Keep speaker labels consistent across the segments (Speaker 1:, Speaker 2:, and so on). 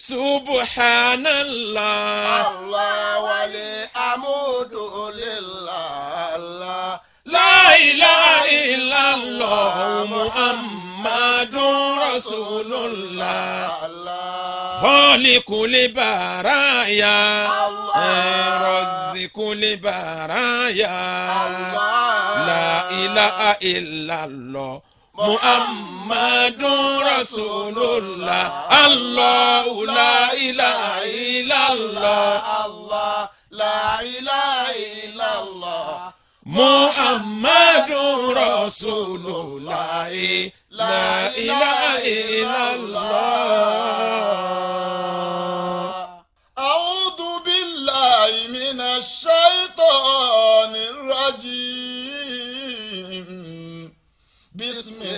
Speaker 1: subhanallah. allah wale amudu lillah.
Speaker 2: la ilaha illallah muhammadun rasulullah. kọ́líkùlì bàráyà. rọ̀zìkùlì bàráyà. la ilaha illallah muhammadun rasulullah allahu la ilaha illallah allah la ilaha
Speaker 1: illallah
Speaker 2: muhammadun rasulullah la ilaha illallah.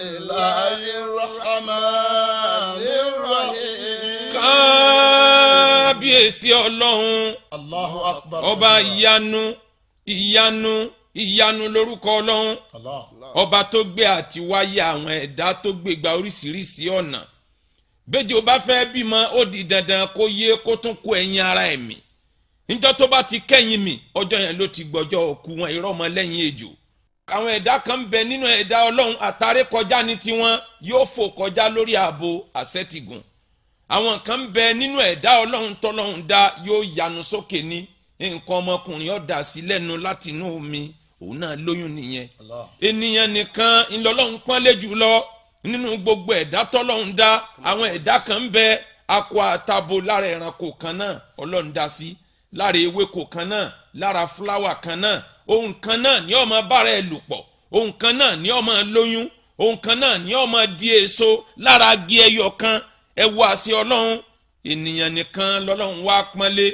Speaker 1: الله الرحمن الرحيم
Speaker 2: kábíyèsí ọlọ́run Allahu Akbar ọba ìyanu ìyanu ìyanu lórúkọ ọlọ́run ọba tó gbé àtiwáyé àwọn ẹ̀dá tó gbégbá oríṣiríṣi ọ̀nà bẹ́jọ́ bá fẹ́ bímọ ó dandan kó yé kó tún kó ẹyin ara ẹ̀mí níjọ́ tó bá ti kẹ́yìn mi ọjọ́ yẹn ló ti gbọ́jọ́ òkú wọn irọ́ ọmọ lẹ́yìn àwọn ẹ̀dá kan bẹ nínú ẹ̀dá ọlọ́run àtàrí kọjá ní tiwọn yóò fò kọjá lórí ààbò àṣẹ́tìgùn àwọn kan bẹ nínú ẹ̀dá ọlọ́run tọ́lọ́run dá yóò yanu sókè ní nǹkan ọmọkùnrin ọ̀dà sí lẹ́nu láti inú omi òun náà lóyún nìyẹn ènìyàn nìkan ńlọlọ́run pọ́nlé jù lọ nínú gbogbo ẹ̀dá tọ́lọ́run dá àwọn ẹ̀dá kan ń bẹ akọ àtabo lára ẹranko kan náà ọlọ́run dá sí lára ewéko kan náà lára fúláwà kan náà ohun kan náà ni ó máa bára ẹ lò pọ̀ ohun kan náà ni ó máa lóyún ohun kan náà ni ó máa di èso lára agi ẹyọ kan ẹ wo àṣẹ ọlọ́run ènìyàn nìkan lọ́lọ́run wá pọ́nlé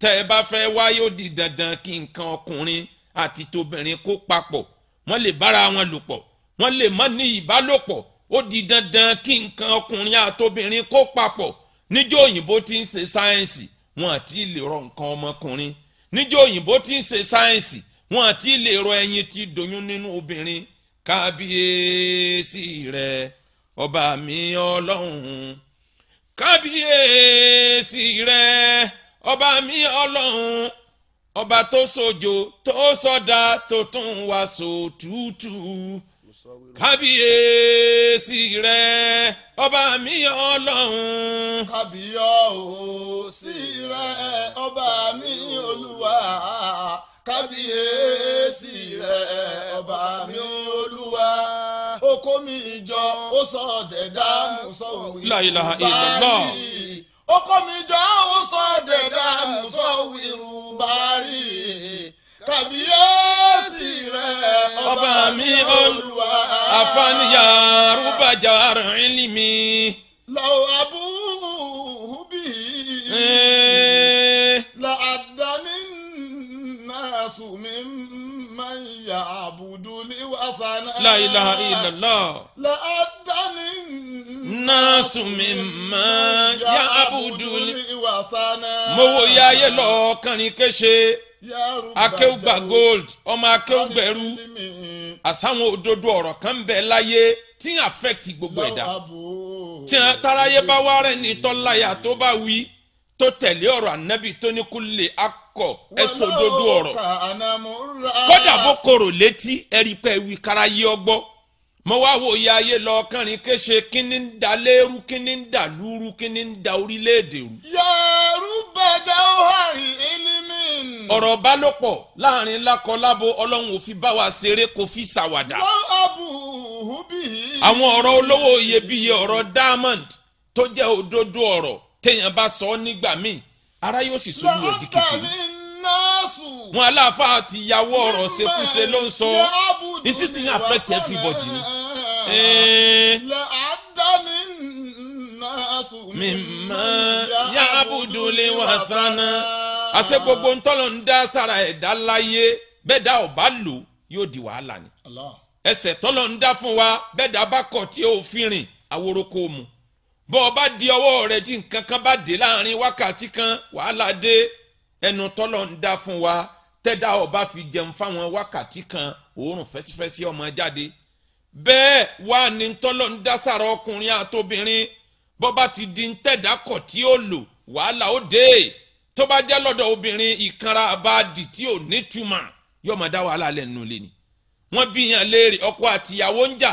Speaker 2: tẹ́ ẹ bá fẹ́ wá yóò di dandan kí nǹkan ọkùnrin àti tobìnrin kó papọ̀ wọ́n lè bára wọn lò pọ̀ wọ́n lè má ní ìbálòpọ̀ ó dandan kí nǹkan ọkùnrin àtobìnrin kó papọ̀ níjọ́ òyìnbó ti ń ṣe sáyẹ́ǹsì wọn àti lè nǹkan ọmọkùnrin níjọ́ òyìnbó ti ń ṣe sáyẹ́ǹsì wọn àti lè rọ ẹyin tí doyún nínú obìnrin kábíyèsí rẹ ọba mi ọlọ́run kábíyèsí rẹ ọba mi ọlọ́run ọba tó sojo tó sọdá tó tún wá sòtútù kábíyèsí rẹ ọba mi ọlọ́run.
Speaker 1: kábíyèsí rẹ ọba mi olúwa kábíyèsí rẹ̀ ọba mi olúwa okó mi jọ ó sọ dẹ̀dá mùsọ̀ wí. la
Speaker 2: ilaha illallah.
Speaker 1: okó mi jọ ó sọ dẹ̀dá mùsọ̀ wí rúbárì kábíyèsí rẹ̀ ọba mi olúwa
Speaker 2: àfàníyà rúbàjà rìn lì mí.
Speaker 1: lọ́wọ́ abúlé. la ilaha illallah. la adani.
Speaker 2: nasu mi ma ya abudul.
Speaker 1: mo wo ya ayé
Speaker 2: lọ kàrin kése.
Speaker 1: akéwùgbà gold
Speaker 2: ọmọ akéwùgbẹ̀rú. àsáwọn òdodo ọ̀rọ̀ kan ń bẹ láyé tí ń affect gbogbo ẹ̀dá. tí taráyé bá wá rẹ̀ ní tọ́láyà tó bá wí tó tẹ̀lé ọ̀rọ̀ ànábì tó ní kúlẹ̀ akọ kọ̀ ẹ sòdodo ọ̀rọ̀ kódà bó korò létí ẹ rí pé wí karayé ọgbọ́ mo wá wo ìyá ayé lọ kánrin kéṣe kíní ń da léru kíní ń da lúru kíní ń da orílẹ̀-èdè rú.
Speaker 1: yorùbá jẹ́ òhàrí elimin.
Speaker 2: ọ̀rọ̀ bálòpọ̀ láàrin lákọ-lábo ọlọ́run ò fi bá wa ṣeré kò fi ṣàwàdà.
Speaker 1: àwọn ọ̀rọ̀ olówó
Speaker 2: iyebíye ọ̀rọ̀ diamond tó jẹ́ òdodo ọ̀rọ̀ téèyàn bá sọ ọ́ nígbà míì ara yóò sì sùn lù ọ́ di kékeré
Speaker 1: nọ́ọ̀sù.
Speaker 2: wọn aláfa àti ìyàwó ọ̀rọ̀ ṣekúṣe ló ń sọ it is in affect everybody.
Speaker 1: lẹ́àdánì eh. nọ́ọ̀sù mi máa yá abudulẹ̀ wà
Speaker 2: sánà. àṣẹ gbogbo ntọ́lọ̀ ń dá sára ẹ̀dá láyé bẹ́ẹ̀ dá ọ̀bá lò yóò di wàhálà ni. ẹsẹ̀ tọ́lọ̀ ń dá fún wa bẹ́ẹ̀ dá bá kọ̀ tí ó fi rìn àwòrò kò bọ́ ọ bá di ọwọ́ rẹ̀ tí nǹkan kan bá dé láàrin wákàtí kan wàhálà dé ẹnu tọ́lọ̀ ń dá fún wa tẹ́dá ọba fi jẹun fáwọn wákàtí kan òórùn fẹ́sífẹ́sí ọmọ jáde bẹ́ẹ̀ wá ní tọ́lọ̀ ń dá sára ọkùnrin àtobìnrin bọ́ba ti di ń tẹ̀dá kọ̀ tí ó lò wàhálà ó dé tó bá jẹ́ lọ́dọ̀ obìnrin ìkanra àbáàdì tí ò nítumọ̀ yóò máa dá wàhálà lẹ́nu lé ni wọ́n bí yàn léèrè ọkọ àtìyàwó ń jà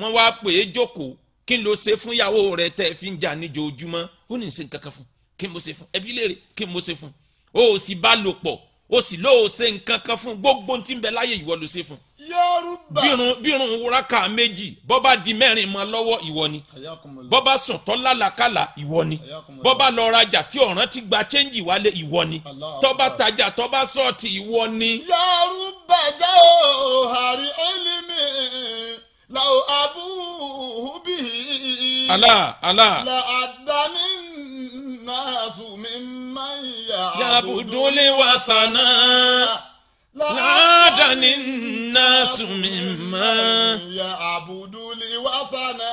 Speaker 2: wọ́n wá pè é jókòó kí n ló ṣe fún ìyàwó rẹ tẹ́ fi ń jà níjọ́ ó ní ìsìn kankan fún kí n mo ṣe fún ẹbí léèrè kí n mo ṣe fún o ò sì bá lò pọ̀ o sì lò ó ṣe nǹkan kan fún gbogbo tí ń bẹ láyé ìwọ ló ṣe fún.
Speaker 1: yorùbá bírun
Speaker 2: bírun wúraka méjì bọ́ bá di mẹ́rin mọ́ lọ́wọ́ ìwọ ni bọ́ bá sùn tọ́ lálàkàlà ìwọ ni bọ́ bá lọ rajà tí ọ̀ràn ti gba chẹ́ǹjì wálé ìwọ ni tọ́ bá tajà tọ́ bá sọ́ọ̀tì ìwọ ni. yorùbá
Speaker 1: jẹ́ òhàrí ẹlẹ́mì làwọn abúhù bíi. àlà àlà. làdánì náà sùn mímú yabudule
Speaker 2: wasana
Speaker 1: ládàní
Speaker 2: násùmí mọ́.
Speaker 1: yabudule wasana.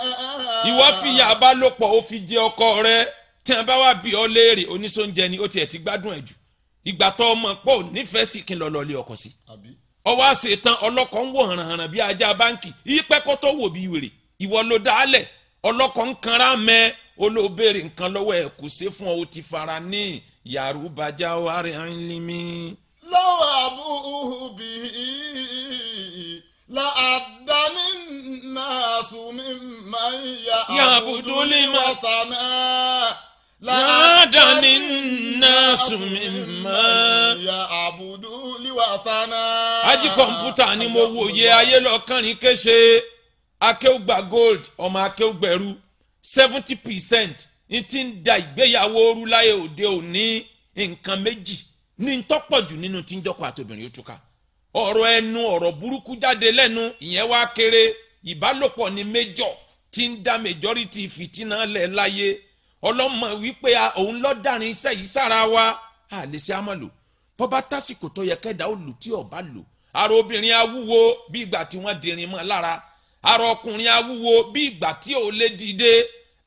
Speaker 1: ìwọ fìyà
Speaker 2: abálòpọ̀ ó fi jẹ ọkọ rẹ tí wọn bá wà bí ọ léèrè oníṣòúnjẹ ni ó tiẹ̀ ti gbádùn ẹ̀ jù ìgbà tó ọmọ pọ̀ nífẹ̀ẹ́ sì kí n lọ lọ lé ọkọ̀ sí. ọwọ́ àṣetán ọlọ́kọ̀ ń wò hànàhànà bí ajá báǹkì ìpẹ́ kó tó wò bí wèrè ìwọ ló dálẹ̀ ọlọ́kọ̀ ń kanra mẹ́ olóbèrè nǹkan lọ́wọ́ ẹ̀ kò ṣe fún ọ ó ti fara ní yaruba jawari ilimi.
Speaker 1: lọ́wọ́ àbúrò bíi láàdánì náà sùnmí máa ń yà àbúdó lè má sànà.
Speaker 2: láàdánì náà sùnmí máa
Speaker 1: ń yà àbúdó lè wà sànà.
Speaker 2: ají kọ̀ǹpútà ni mo wòye ayé lọ kése akéwùgbà gold ọmọ akéwùgbẹ̀rú seventy percent n ti ń da ìgbéyàwó ooru láyé òde òní nǹkan méjì ní tọ́pọ̀jù nínú tí ń jọ́kọ̀ àtòbìnrin òtúkà ọ̀rọ̀ ẹnu ọ̀rọ̀ burúkú jáde lẹ́nu ìyẹn wá kéré ìbálòpọ̀ ni méjọ̀ tí ń da majority fìtínà lẹ̀ láyé ọlọ́mọ wípé òun lọ́dàrin iṣẹ́ yìí sára wa àlèṣe àmàlò bọ́bá tásìkò tó yẹ kẹ́dà ó lù tí ọ̀bá lò ara obìnrin awúwo bí ìgbà tí wọ́n dirin mọ́ lára ara ọkùnrin awúwo bí ìgbà tí ò lè dìde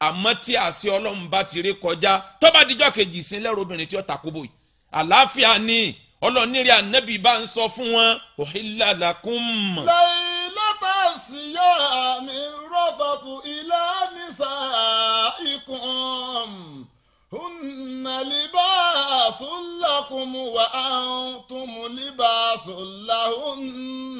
Speaker 2: àmọ́ tí àṣẹ ọlọ́run bá ti rí kọjá tó bá dijọ́ kejì sí lẹ́rù obìnrin tí ó takobó yìí àlàáfíà ni ọlọ́ọ̀nìrì ànábì bá ń sọ fún wọn òhìlá
Speaker 1: لباس لكم وأنتم لباس لهم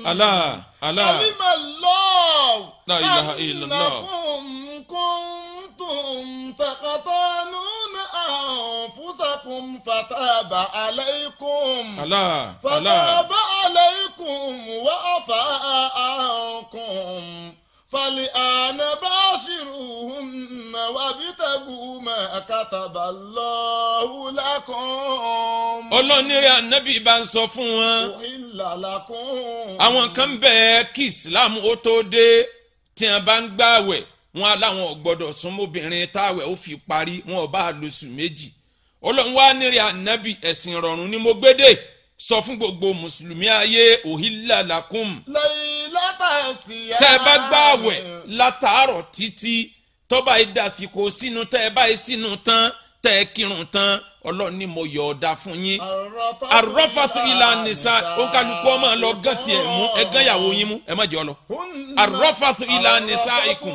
Speaker 1: ألا ألا علم الله لا إله إلا الله أنكم كنتم تقتلون أنفسكم فتاب عليكم ألا فتاب عليكم وعفى عنكم فالآن باشروهن وابتغوا kàtàbà lọ́hùn lákùn. ọlọ́nìrẹ́
Speaker 2: ànábì bá ń sọ fún wọn.
Speaker 1: òhìnlá lákùn. àwọn kan
Speaker 2: bẹ́ẹ̀ kí islam ó tó dé tí wọn bá ń gbààwẹ̀ wọn aláwọn ò gbọ́dọ̀ súnmọ́bìnrin ó fi parí wọn ò bá méjì ọlọ́run wá nírẹ̀ ànábì ẹ̀sìn ìrọ̀rùn ni mo gbédè sọ fún gbogbo mùsùlùmí ayé òhìlà làkùn.
Speaker 1: lẹ́yìn látàsí. tẹ́ ẹ bá gbààwẹ̀
Speaker 2: látàárọ̀ títí tọ́ba yìí dàsìkò sínú tẹ́ ẹ báyìí sínú tán tẹ́ ẹ kírun tán ọlọ́run ni mo yọ̀ ọ̀dà fún yín arọ́fàtú ilà nìsa òǹkàlùkù ọmọ lọ gán tiẹ̀ mú ẹ gán ìyàwó yín mú ẹ má jẹ́ ọ lọ arọ́fàtú ilà nìsa ikùn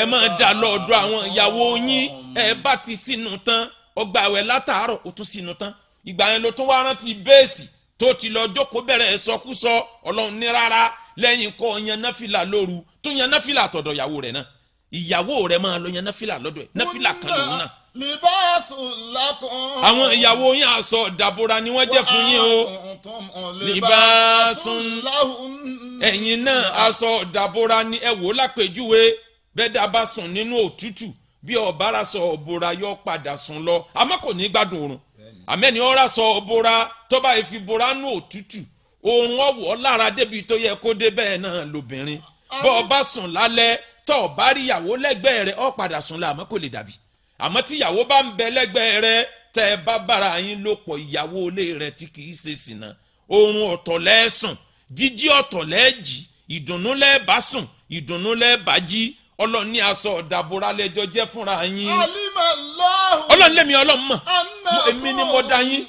Speaker 2: ẹ má dà lọ́ọ̀dọ̀ àwọn ìyàwó yín ẹ bá ti sínú tán ọgbà àwẹ̀ látàárọ̀ ó tún sínú tán ìgbà yẹn ló tún wá rántí bẹ́ẹ̀sì tó ti lọ jókòó bẹ̀rẹ̀ sọkúsọ ọlọ́run ní rárá lẹ́yìn kọ́ yan náfìlà lóru tó yan náfìlà àtọ̀dọ̀ ìyàwó ìyàwó rẹ máa lọ yan náfìlà lọ́dọ̀ ẹ náfìlà kan lòun náà.
Speaker 1: libasu lakum. àwọn ìyàwó yín aṣọ
Speaker 2: ìdàbòrà ni wọ́n jẹ́ fún yín o. libasu lahun. ẹ̀yin náà aṣọ ìdàbòrà ni ẹ wò lápèjúwe bẹ́ẹ̀ dábàá sùn nínú òtútù bí ọ̀bára sọ ọ̀bọ̀ra yọ padà sùn lọ àmọ́ kò ní gbádùn oorun àmẹ́ni ọ̀rá sọ ọ̀bọ̀ra tọ́ba ìfibora nù òtútù oorun ọ̀wọ́ lára débi tó yẹ kó dé bẹ́ẹ̀ náà lóbìnrin bọ́ ọba sùn lálẹ́ tọ́ ọ bá rí ìyàwó lẹ́gbẹ̀ẹ́ rẹ ọ padà sùn la àmọ́ kò lè dàbí àmọ́ tí ìyàwó bá ń bẹ lẹ́gbẹ̀ẹ́ rẹ tẹ́ ẹ bá bára yín lò pọ̀ ìyàwó ilé rẹ tí kì í ṣe sìnà oorun ọ̀tọ̀ lẹ́ẹ̀sùn jíjí ọ̀tọ̀ lẹ́ẹ̀jì ìdùnnú lẹ́ẹ̀bá sùn ìdùnnú lẹ́ẹ̀bá jí ọlọ́run ní aṣọ ọ̀dàbọ̀ra lẹ́jọ́ jẹ́ fúnra yín
Speaker 1: ọlọ́run lẹ́mi ọlọ́run mọ̀ èmi ni mo dá yín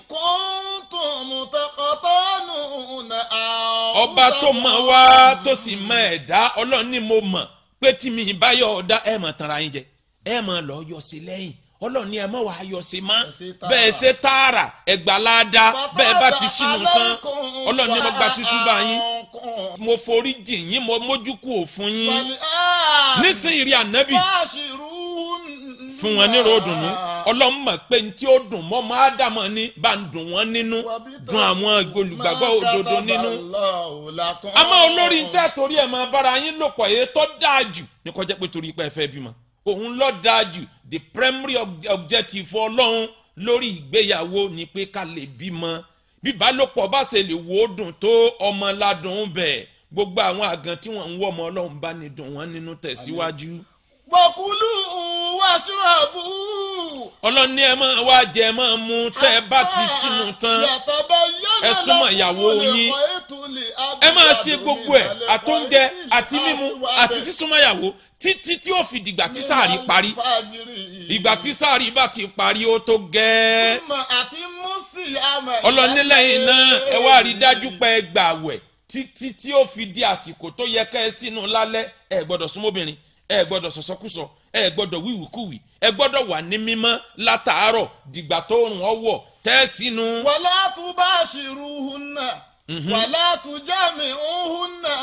Speaker 1: ọba tó mọ̀ wá
Speaker 2: tó sì mọ̀ ẹ̀dá ọlọ́run ni mo mọ̀ pé tìmí báyọ̀ ọ̀dá ẹ̀ mọ̀ tanra yín jẹ ẹ̀ mọ̀ lọ yọ lẹ́yìn ọlọ́run ni ẹ mọ̀ wàá yọ mọ́ bẹ́ẹ̀ ṣe tààrà ẹgbàláda bẹ́ẹ̀ bá ti sínú tán ọlọ́run ni mo gba tútú bá yín mo forí jì yín mo mójú òfun yín
Speaker 1: nísìnyí rí ànábì fún wọn ní ròdùnú
Speaker 2: ọlọ́run mọ̀ pé ní tí ó dùn mọ́ ọmọ ádámọ̀ ni bá ń dùn wọ́n nínú dùn àwọn olùgbàgbọ́ òdodo nínú.
Speaker 1: àmọ́ olórí ń
Speaker 2: tẹ́ torí ẹ̀ máa bára yín lò èyí tó dáa jù ní kó pé torí pé ẹ bímọ òun ló dáa jù the primary objective ọlọ́run lórí ìgbéyàwó ni pé ká lè bímọ bíbálòpọ̀ bá ṣe lè wò ó dùn tó ọmọ ládùn bẹ́ẹ̀ gbogbo àwọn àgàn tí wọ́n ń wọ́ ọmọ ọlọ́run bá ní dùn wọ́n nínú tẹ̀síwájú. Amen
Speaker 1: wàṣúrọ̀bù.
Speaker 2: ọlọ́ni ẹ máa wá jẹ ẹ máa mu tẹ́ ẹ bá ti sínú tán
Speaker 1: ẹ súnmọ́ ìyàwó yín
Speaker 2: ẹ máa ṣe gbogbo ẹ̀ àtóúnjẹ àti mímu àti sísúnmọ́ ìyàwó títí tí ó fi dìgbà tí sáàrí parí ìgbà tí sáàrí bá ti parí ó tó gẹ́ẹ́
Speaker 1: ọlọ́ni lẹ́yìn náà ẹ wá rí
Speaker 2: dájú pé ẹ gbà wẹ̀ títí tí ó fi di àsìkò tó yẹ ká ẹ sínú lálẹ́ ẹ gbọ́dọ̀ súnmọ́bìnrin ẹ gbọ́dọ̀ sọ̀sọ́kùsọ. So ẹ gbọ́dọ̀ wíwìkúwì ẹ gbọ́dọ̀ wà ní mímọ́ látàárọ̀ dìgbà tó rùn ọwọ́ tẹ́ sínú. wàlá
Speaker 1: tún bá ṣìrù hun náà mhm. wàlá tún jáàmì hun náà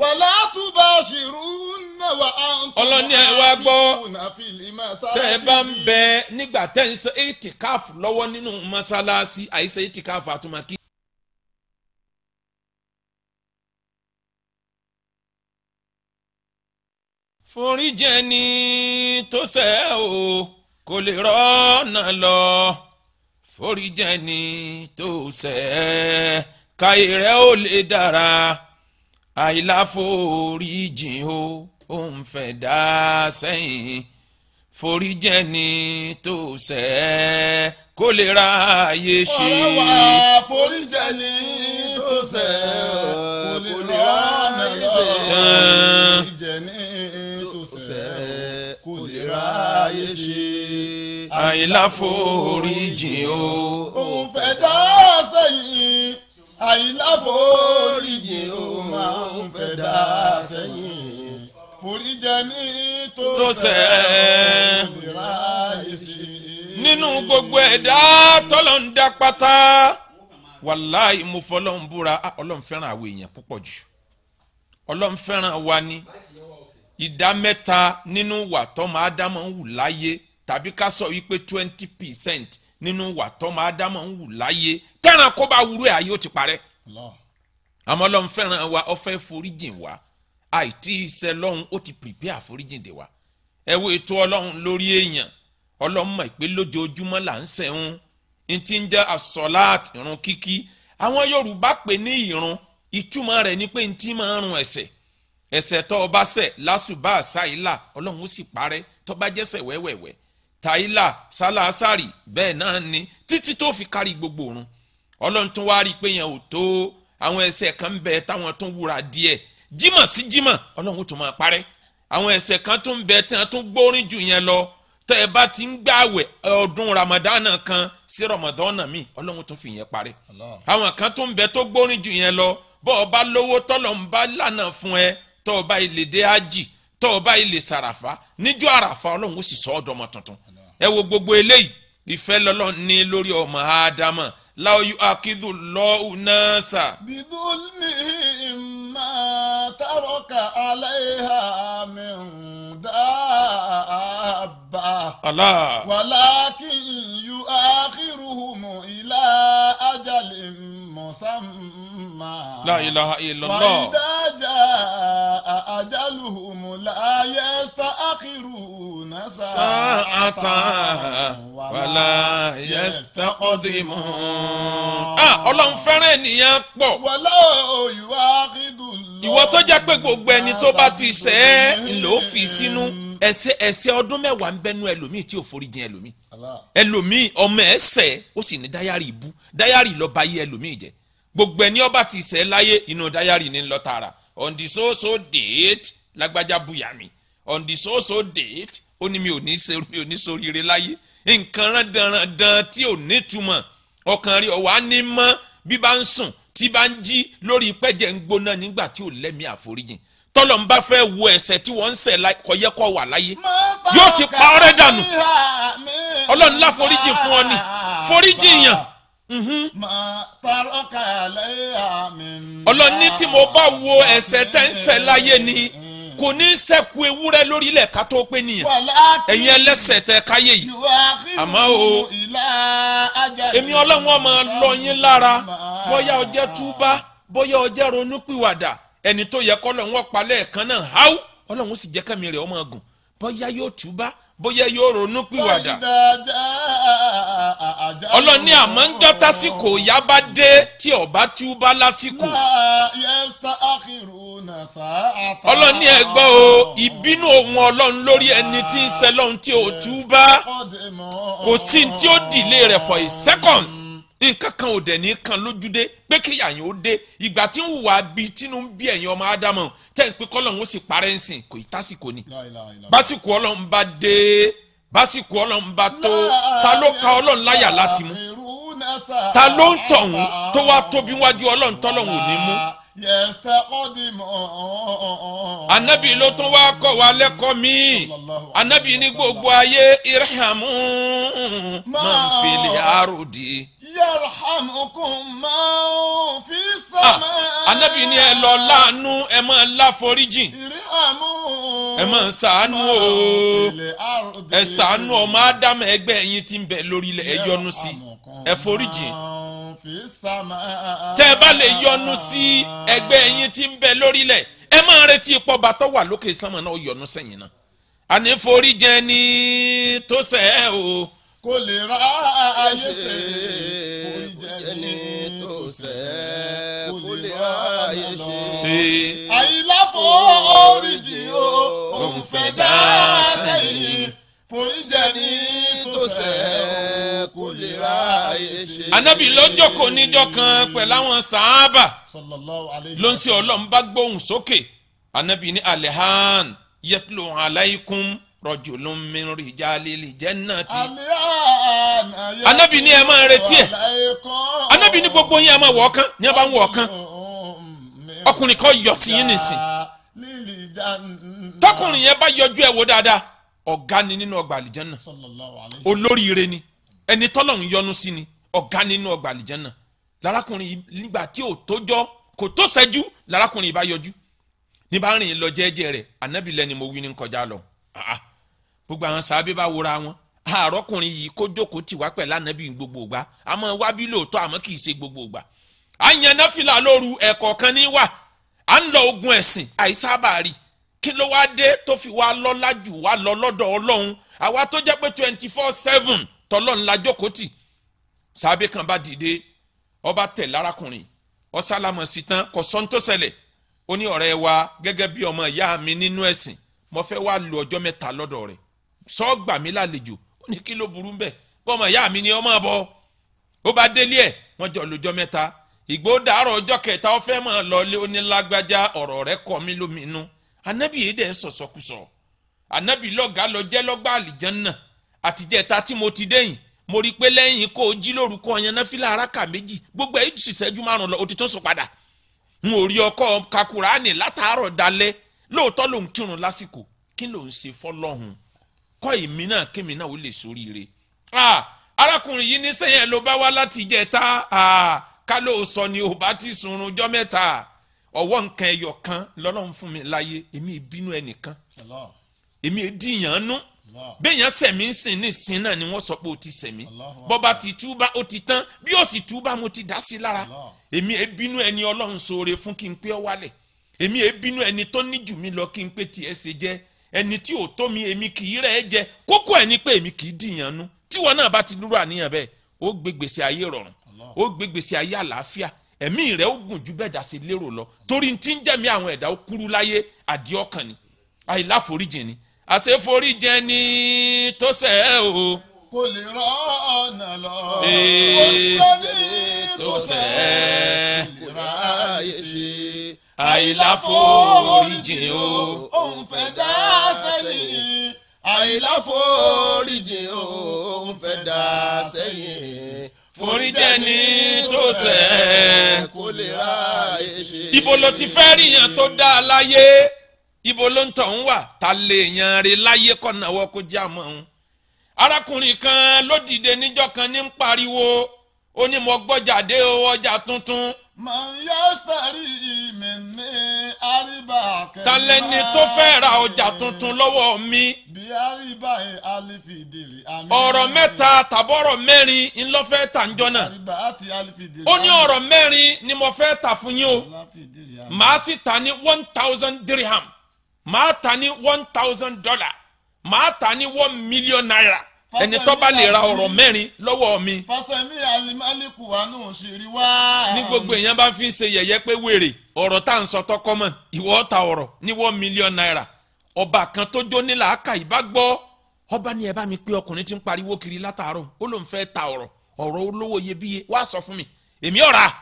Speaker 1: wàlá tún bá ṣìrù hun náà wà á ń tún ọlọ́ni ẹ wá gbọ́ tẹ́ ẹ bá ń
Speaker 2: bẹ nígbà tẹ́ ń ṣe ètìkáàfù lọ́wọ́ nínú mọ́ṣáláṣí àìsè ètìkáàfù àtúmọ̀kí. foríjẹni tó ṣẹ̀ o kò lè rọ́nà lọ foríjẹni tó ṣẹ̀ káyé rẹ̀ ò lè dára àìláforíjìn o ò ń fẹ́ dá sẹ́yìn foríjẹni tó ṣẹ̀ kó lè ra ààyè ṣe. ọ̀rọ̀ wa
Speaker 1: foríjẹni tó ṣẹ̀ kó lè ra ààyè
Speaker 2: láyé ṣe. àìláforíjìn o.
Speaker 1: òun fẹ́ dá sẹ́yìn àìláforíjìn o máa ń fẹ́ dá
Speaker 2: sẹ́yìn. foríjẹ ní tó nínú gbogbo ẹ̀dá tọ́lọ̀ pátá wàláì mo fọlọ́n búra ah, àwọn èèyàn púpọ̀ jù ọlọ́run wa ni. Wàláì, ìdá mẹ́ta nínú ìwà tọ́mọ ádámọ̀ ń wù láyé tàbí ká sọ wípé twenty percent nínú ìwà tọ́mọ ádámọ̀ ń wù láyé tẹ́ran kó bá wúrú ẹ̀ ayé ó ti parẹ́. àmọ́ lọ́n fẹ́ràn wa ọ̀fẹ́ foríjìn wa àìtí iṣẹ́ lọ́hún ó ti pèpè àforíjìn dè wa. ẹ wo ètò ọlọ́run lórí èèyàn ọlọ́mọ ìpè lójoojúmọ́ là ń sẹ́hún ní ti ń jẹ́ asọ́láàt ìrun kíkí àwọn yorùbá pè ní ìrun ìtumọ̀ rẹ̀ ni pé ní ti máa ń ẹ̀sẹ̀ ẹ̀ṣẹ̀ tó o bá ṣẹ̀ lásùbà ṣáìlà ọlọ́run ó sì parẹ́ tó bá jẹ́ṣẹ̀ wẹ́wẹ́wẹ́ tàìlà sálàásàrì bẹ́ẹ̀ náà ni títí tó fi kárí gbogbo òrun ọlọ́run tún wá rí i pé yẹn ò tó àwọn ẹ̀ṣẹ̀ kan bẹ táwọn tún wúra díẹ̀ jímọ̀ sí jímọ̀ ọlọ́run ó tún máa parẹ́ àwọn ẹ̀ṣẹ̀ kan tún bẹ tí wọ́n tún gbórin jù yẹn lọ tẹ́ ẹ bá ti ń gbààwẹ̀ ọdún ramadana kan sí ramadana mi ọlọ́run tún fi yẹn parẹ́ àwọn kan tún bẹ tó gbórin jù yẹn lọ bọ́ ọ bá lówó tọ́lọ̀ ń bá lànà fún ẹ tọ́ ọ bá ilé dé ájì tọ́ ọ bá ilé sàràfà níjọ́ àràfà ọlọ́run ó sì sọ ọ́dọ̀ ọmọ tuntun ẹ wo gbogbo eléyìí ìfẹ́ lọ́lọ́ ní lórí ọmọ ádámà láwọn akíndùn lọ́ọ̀hún náà sà.
Speaker 1: bíbú mi máa tàrọ́kà aláìhà mi dáàbà wàlákì yóò ákírùhùn ilá ájàlè mọ̀sánmù. la
Speaker 2: ilaha illallah. wa ah,
Speaker 1: idaja ajaluhum
Speaker 2: tó jẹ́ gbogbo ẹni tó bá ti ṣe é fi sínú ẹ̀ṣẹ̀ ọdún mẹ́wàá ń bẹnu ẹlòmíì tí ò foríjìn ẹlòmíì ẹlòmíì ọmọ ẹ̀ṣẹ̀ ó sì ní dayari lọ gbogbo ẹni ọba ti sẹ́ láyé inú dayari ní lọ tààrà on the so so date lágbájá buyami on the so so date ó ní mi ò ní ṣoríire láyé nǹkan rándanrandan tí ò nítumọ̀ ọkàn rí ọ̀wá ní mọ́ bí bá ń sùn tí bá ń jí lórí pẹ́jẹ́ ń gbóná nígbà tí ò lẹ́mí àforíjìn tọ́lọ̀ ń bá fẹ́ wo ẹ̀ṣẹ̀ tí wọ́n ń ṣẹ̀ kọyẹ́ kọ́ wà láyé yóò ti pa ọ́rẹ́ dànù
Speaker 1: ọlọ́run láforíjìn fún ọ
Speaker 2: ni foríjìn yàn Mm-hmm. ọlọ́run ní tí mo bá wo ẹ̀ṣẹ̀ tẹ́ ń ṣẹ̀ láyé ni mm-hmm. kò ní ṣẹ́kù ewúrẹ́ lórílẹ̀ ká tó pé nìyẹn
Speaker 1: ẹ̀yin ẹlẹ́ṣẹ̀ tẹ káyé yìí àmọ́ o èmi ọlọ́run ọmọ lọ yín lára bóyá ọjẹ́
Speaker 2: túbá bóyá ọjẹ́ ronúpìwàdà ẹni tó yẹ kọ́ lọ́run ọ̀pá lẹ́ẹ̀kan náà háú ọlọ́run sì jẹ́ kẹ́mi rẹ̀ ọmọ gùn bóyá yóò túbá bóyá yóò ronú pìwàdà
Speaker 1: ọlọ́ni àmọ́ ń
Speaker 2: jọ́ tásìkò ìyà bá dé tí ọba tú bá lásìkò ọlọ́ni ẹ o ìbínú ohun ọlọ́run lórí ẹni tí ń ṣẹ̀ lọ́run tí ò tú bá kò sí tí ó dìlé rẹ̀ for a second nǹkan kan ò dẹ̀ ní kan lójúdé pé kí yàyìn ó dé ìgbà tí ń wùwà bí tínú ń bí ẹ̀yin ọmọ ádámù tẹ̀ ń pé kọ́lọ́hún ó sì parẹ́ ń sìn kò í tásìkò ni básìkò ọlọ́run bá dé básìkò ọlọ́run bá tó ta ló ka ọlọ́run láyà láti mú ta ló ń tọ̀hún tó wá tóbi wájú ọlọ́run tọ́lọ́hún ò ní mú anabi ló tún wá kọ́ wa lẹ́kọ́ mi anabi ní gbogbo ayé irhamu máa ń fi lè àròdì
Speaker 1: yarhamukum man fi ah, sama. anabi ni ẹ lọ láàánú
Speaker 2: ẹ máa láforíjìn ẹ máa ṣàánú o
Speaker 1: ẹ ṣàánú ọmọ
Speaker 2: ádámù ẹgbẹ́ ẹ̀yin tí ń bẹ lórílẹ̀ ẹ yọ́nú sí ẹ foríjìn tẹ́ ẹ bá lè yọ́nú sí ẹgbẹ́ ẹ̀yin tí ń bẹ lórílẹ̀ ẹ máa retí ipò bàtọ́ wà lókè sánmọ̀ náà ó yọ́nú náà àní foríjìn ẹni tó ṣẹ̀ ẹ́ o kò lè rà á ṣe
Speaker 1: kò jẹ́ ní tó ṣẹ́ kò lè rà á yẹ ṣe. àyíláfọ̀ oríjì o
Speaker 2: òun fẹ́ dá sẹ́yìn foríjẹ ní tòṣẹ́ kò
Speaker 1: lè ráàyè
Speaker 2: ṣe. anábì lọ́jọ́ kò níjọ́ kan pẹ̀lú àwọn sàábà ló ń ṣe ọlọ́run bá gbóhùn sókè anábì ní alehan yẹtulù aláìkún rọjòló mìíràn ìjàlélì jẹnàtì.
Speaker 1: anabi ni ẹ máa retí ẹ
Speaker 2: anabi ni gbogbo yín ẹ máa wọ̀ ọ̀kan ní ẹ bá ń wọ̀ ọ̀kan ọkùnrin kan yọ sí yín nìsín tọkùnrin yẹn bá yọjú ẹ wò dáadáa ọ̀gá ni nínú ọgbà àlìjẹ́nà olóríire ni ẹni tọ́lọ́run yọ́nú sí ni ọ̀gá nínú ọgbà àlìjẹ́nà lárakùnrin nígbà tí ò tójọ́ kò tó ṣẹ́jú lárakùnrin bá yọjú ní bá rìn lọ jẹ́ẹ́jẹ́ rẹ̀ ànábìlẹ́ni mo wí ní kọjá lọ. Ah, ah. gbogbo àwọn sábẹ́ bá wora wọn àrọ́kùnrin yìí kó jókòó tì wá pẹ̀lú ànábì gbogbo ìgbà àmọ́ wábí lóòótọ́ àmọ́ kì í ṣe gbogbo ìgbà àyàn náfìlà lóru ẹ̀kọ̀ọ̀kan ní wà à ń lọ ogun ẹ̀sìn àìsábà rí kí ló wá dé tó fi wá lọ́lá jù wá lọ lọ́dọ̀ ọlọ́run àwa tó jẹ́ pé twenty four seven tọ́lọ́run la jókòó tì sábẹ́ kan bá dìde ọba tẹ̀ lárakùnrin ọ̀sálámọ̀ sí tán kò ó ní ọ̀rẹ́ wa gẹ́gẹ́ bí ọmọ ìyá mo fẹ́ wá lu ọjọ́ mẹ́ta lọ́dọ̀ rẹ̀ sọ gbà mí lálejò ó ní kí ló burú bẹ́ẹ̀ bọ́mọ ìyá mi ni ọmọ bọ́ ó bá délé ẹ̀ wọ́n jọ lọ́jọ́ mẹ́ta ìgbó dàárọ̀ ọjọ́ kẹta ó fẹ́ máa lọ lé onílágbájá ọ̀rọ̀ rẹ̀ kọ́ mi lóminú anábì yìí dẹ̀ sọ̀sọ̀kùsọ̀ anábì lọ́gà lọ jẹ́ lọ́gbà àlìjánná àtijẹ́ta tí mo ti dẹ́yìn mo rí i pé lẹ́yìn kó o jí lórúkọ ọyàn náà araka méjì gbogbo ẹ̀ ìṣẹ́jú márùn-ún lọ òtítọ́ padà n ò rí ọkọ kakùránì látàárọ̀ dalẹ́ lóòótọ́ ló ń kírun lásìkò kí ló ń ṣe fọlọ́hún kọ́ èmi náà kémi náà ó lè sóríire arákùnrin yìí nísìnyẹn ló bá wá láti jẹta ká ló sọ ni ò bá ti sunrun jọ́ mẹ́ta ọwọ́ nǹkan ẹyọ kan lọ́lọ́run fún mi láyé èmi ìbínú ẹnìkan èmi ìdíyàn nú béèyàn sẹ̀mí ń sìn ní ìsìn náà ni wọ́n sọ pé ó ti sẹ̀mí bọ́ba ti túbá ó ti tán bí ó sì túbá mo ti dá sí lára èmi ìbínú ẹni ọlọ́run ṣoore fún kí n pé ọ wálẹ̀ èmi ebinu ẹni tó ní jù mí lọ kí n pé tiẹ̀ ṣe jẹ́ ẹni tí ò tó mi èmi kì í rẹ̀ ẹ́ jẹ kókó ẹ̀ ni pé èmi kì í dìyàn nu tíwọ náà bá ti lúrò àníyàn bẹ́ẹ̀ ó gbé gbèsè ayé rọrùn ó gbé gbèsè ayé àlàáfíà ẹ̀mí rẹ̀ ó gùn ju bẹ́ẹ̀ dà sí lérò lọ torí ti ń jẹ̀mí àwọn ẹ̀dá ó kúrú láyé àdìọ́kàn ni àìláforíjì ni àṣeforíjì ẹni tó ṣẹ̀ o. kò lè rọ ọ̀nà lọ ó sẹ́ni tó ṣẹ̀ àìláforíjìn o
Speaker 1: òun fẹ́ dá sẹ́yìn àìláforíjìn
Speaker 2: o òun fẹ́ dá sẹ́yìn foríjẹni tó ṣẹ̀ kó lè ráàyè ṣe. ibo ló ti fẹ́ rí yàn tó dá a láyé ibo ló ń tọ̀ ń wà ta lè yan re láyé kọ̀nà wọ́n kó já mọ́ ọ́n arákùnrin kan ló dìde níjọ́ kan ní ń pariwo ó ní mo gbọ́jáde ọjà tuntun.
Speaker 1: mọ̀nyásítẹ́rì mi ní àríbá kẹ́lá. talẹ́ni tó fẹ́ ra ọjà tuntun lọ́wọ́ mi. bí àríbá ẹ̀ e alifidiri àmì. ọ̀rọ̀ mẹ́ta
Speaker 2: tàbọ̀rọ̀ mẹ́rin ń lọ fẹ́ tà ń jọ́nà. àríbá
Speaker 1: àti alifidiri àmì. ó ní ọ̀rọ̀
Speaker 2: mẹ́rin ni mo fẹ́ tà fún yín o. màá sì ta ní one thousand dirham màá ta ní one thousand dollar màá ta ní one million naira ẹni tó bá lè ra ọ̀rọ̀ mẹ́rin lọ́wọ́ mi.
Speaker 1: fọsẹ̀mí alimálíkù àánú òṣèré
Speaker 2: wá. ní gbogbo èèyàn bá fi ń ṣe yẹ̀yẹ́ pé wèrè ọ̀rọ̀ tá à ń sọ tọkọ mọ̀ ìwọ ọ̀ta ọ̀rọ̀ ní one million naira ọba kan tó jó nílà áka ìbá gbọ́ ọba ni ẹ bá mi pé ọkùnrin tí ń pariwo kiri látàárọ̀ ó lóun fẹ́ ta ọ̀rọ̀ ọ̀rọ̀ olówó iyebíye wá sọ fún mi èmi ọ̀ra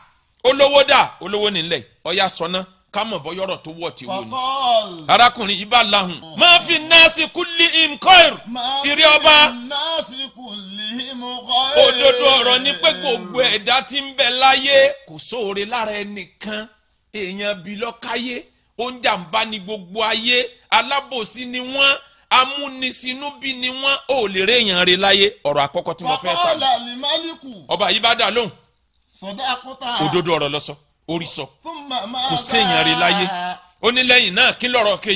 Speaker 2: olówó dà olówó nílẹ̀ ọ̀ya sọ náà ká mọ̀ bọ́ yọ̀rọ̀ tó wọ̀ tí wọ́n ni. arákùnrin yìí bá lahùn. máa fi nọ́ọ̀sì kúlì imkoir ìrí ọba. òdodo ọ̀rọ̀ ni pé gbogbo ẹ̀dá tí ń bẹ láyé kò sóore lára ẹnìkan èèyàn bí lọ́káyé oúnjàmbá ni gbogbo ayé alábòsí ni wọ́n amúnisinúbí ni wọ́n ò lè réèyàn rẹ̀ láyé ọ̀rọ̀ àkọ́kọ́ tí mo fẹ́ ta. ọba yìí bá dà lóhùn. òdodo ọ̀rọ̀ lọ orí sọ
Speaker 1: kò séèyàn rí láyé
Speaker 2: ó ní lẹ́yìn náà kí lọ́rọ̀ kejì.